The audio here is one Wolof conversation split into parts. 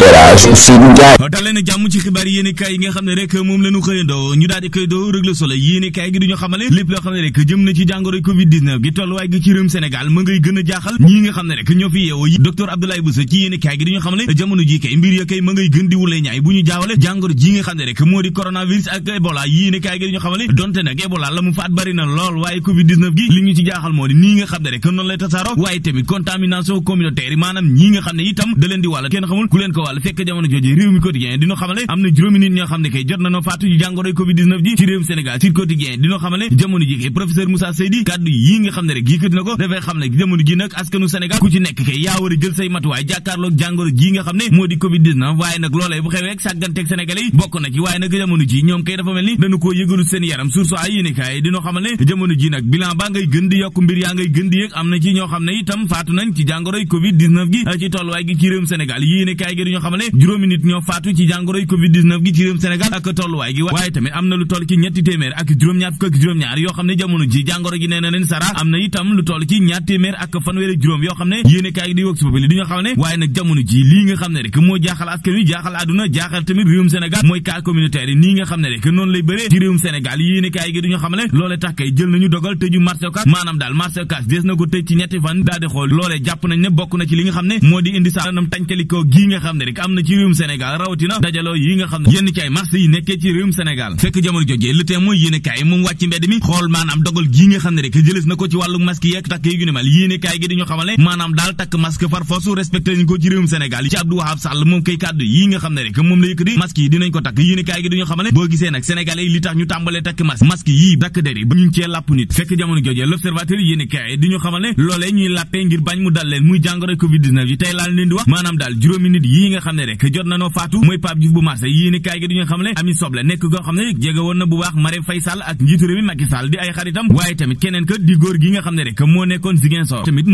Elhadji Ousseynou Ndiaye dalee jàmm ci xibaar yéenekaay yi nga xam ne rek moom la xëyandoo ñu daal di doo rëg le soleil yéenekaay gi du xamale lépp loo xam ne rek jëm na ci jàngoroy covid gi tolluwaay gi ci réewum Sénégal ma ngay gën a jaaxal ñii nga xam ne rek ñoo fi yeewoo yi docteur Abdoulaye Bousso ci gi du xamale jamono ji kay mbir ya kay ma ngay gën di wulee ñaay bu ñu jaawale jàngoro ji nga xam ne rek moo di coronavirus ak Ebola yéenekaay gi gi li ñu Joal fekk a waaye nag loolee bu xewee ak sàgganteeg yi bokk na ci waaye nag jamono ji ñoom kay dafa mel ni dañu koo yëgalu seen yaram source ay dina xamale jamono ji nag bilan baa ngay gën di yokk mbir yaa ngay gën di yëg am na ci ñoo xam ne itam faatu nañ ci jàngoroy covid 19 gi ci tolluwaay gi ci réewum Sénégal yéenekaay gi ñoo juróomi nit ñoo faatu ci jàngoroy covid gi ci réewum Sénégal ak tolluwaay gi waaye tamit am na lu toll ci ñetti téeméer ak juróom-ñaar yoo xam ne jamono ji li nga xam ne rek moo jaaxal askan jaaxal àdduna jaaxal tamit réewum Sénégal mooy cas communautaire nii nga xam ne rek noonu lay bëree ci réewum Sénégal yéene kaay gi duñu xamale loole tax kay jël nañu dogal tëju marché Ocass maanaam daal marché Ocass des na ko tëj ci ñetti fan daal xool loolee Amérique am na ci réewum Sénégal yi nga ci ay marché yi nekkee ci réewum Sénégal fekk jamono ci wàllu masque yi ci réewum Sénégal ci Abdou moom kay kàddu yi nga xam ne rek moom la yëkkati masque yi dinañ ko takk yéenekaay gi dañu xamal boo gisee nag Sénégalais yi li tax ñu tàmbalee takk masque masque yii dakk der ba ñu cee làpp nit fekk jamono jojee L'Observateur yéenekaay di ñu xamal ne loolee ñuy làppee ngir bañ yi tey laal leen wax maanaam daal juróomi nit yi nga na bu di nga xam ne rek moo nekkoon Ziguinchor tamit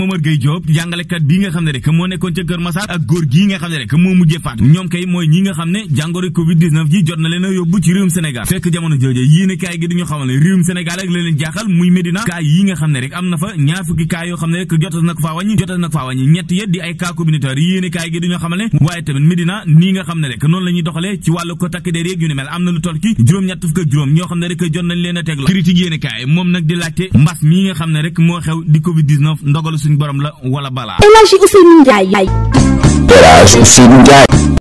ak góor gi nga xam ne rek moo mujjee faatu ñoom kay mooy ñi nga xam ne jàngoro Covid 19 ji jot na leen a yóbbu ci réewum Sénégal fekk yi nga xam ne rek am na fa ñaar fukki kaay xam ne rek jotas na ko faa wàññi jotas ñett ya di ay cas communautaire yéene kaay gi du ñu ne tamit Medina nii nga xam ne rek noonu la ñuy ci wàllu ko takk der yeeg mel am na lu toll juróom-ñett fukk ak juróom ñoo xam ne rek jot nañ leen a teg la critique yéen moom nag di laajte mbas mii nga xam ne rek moo xew di covid ndogalu suñ borom la wala balaa Elhadji Ousseynou Ndiaye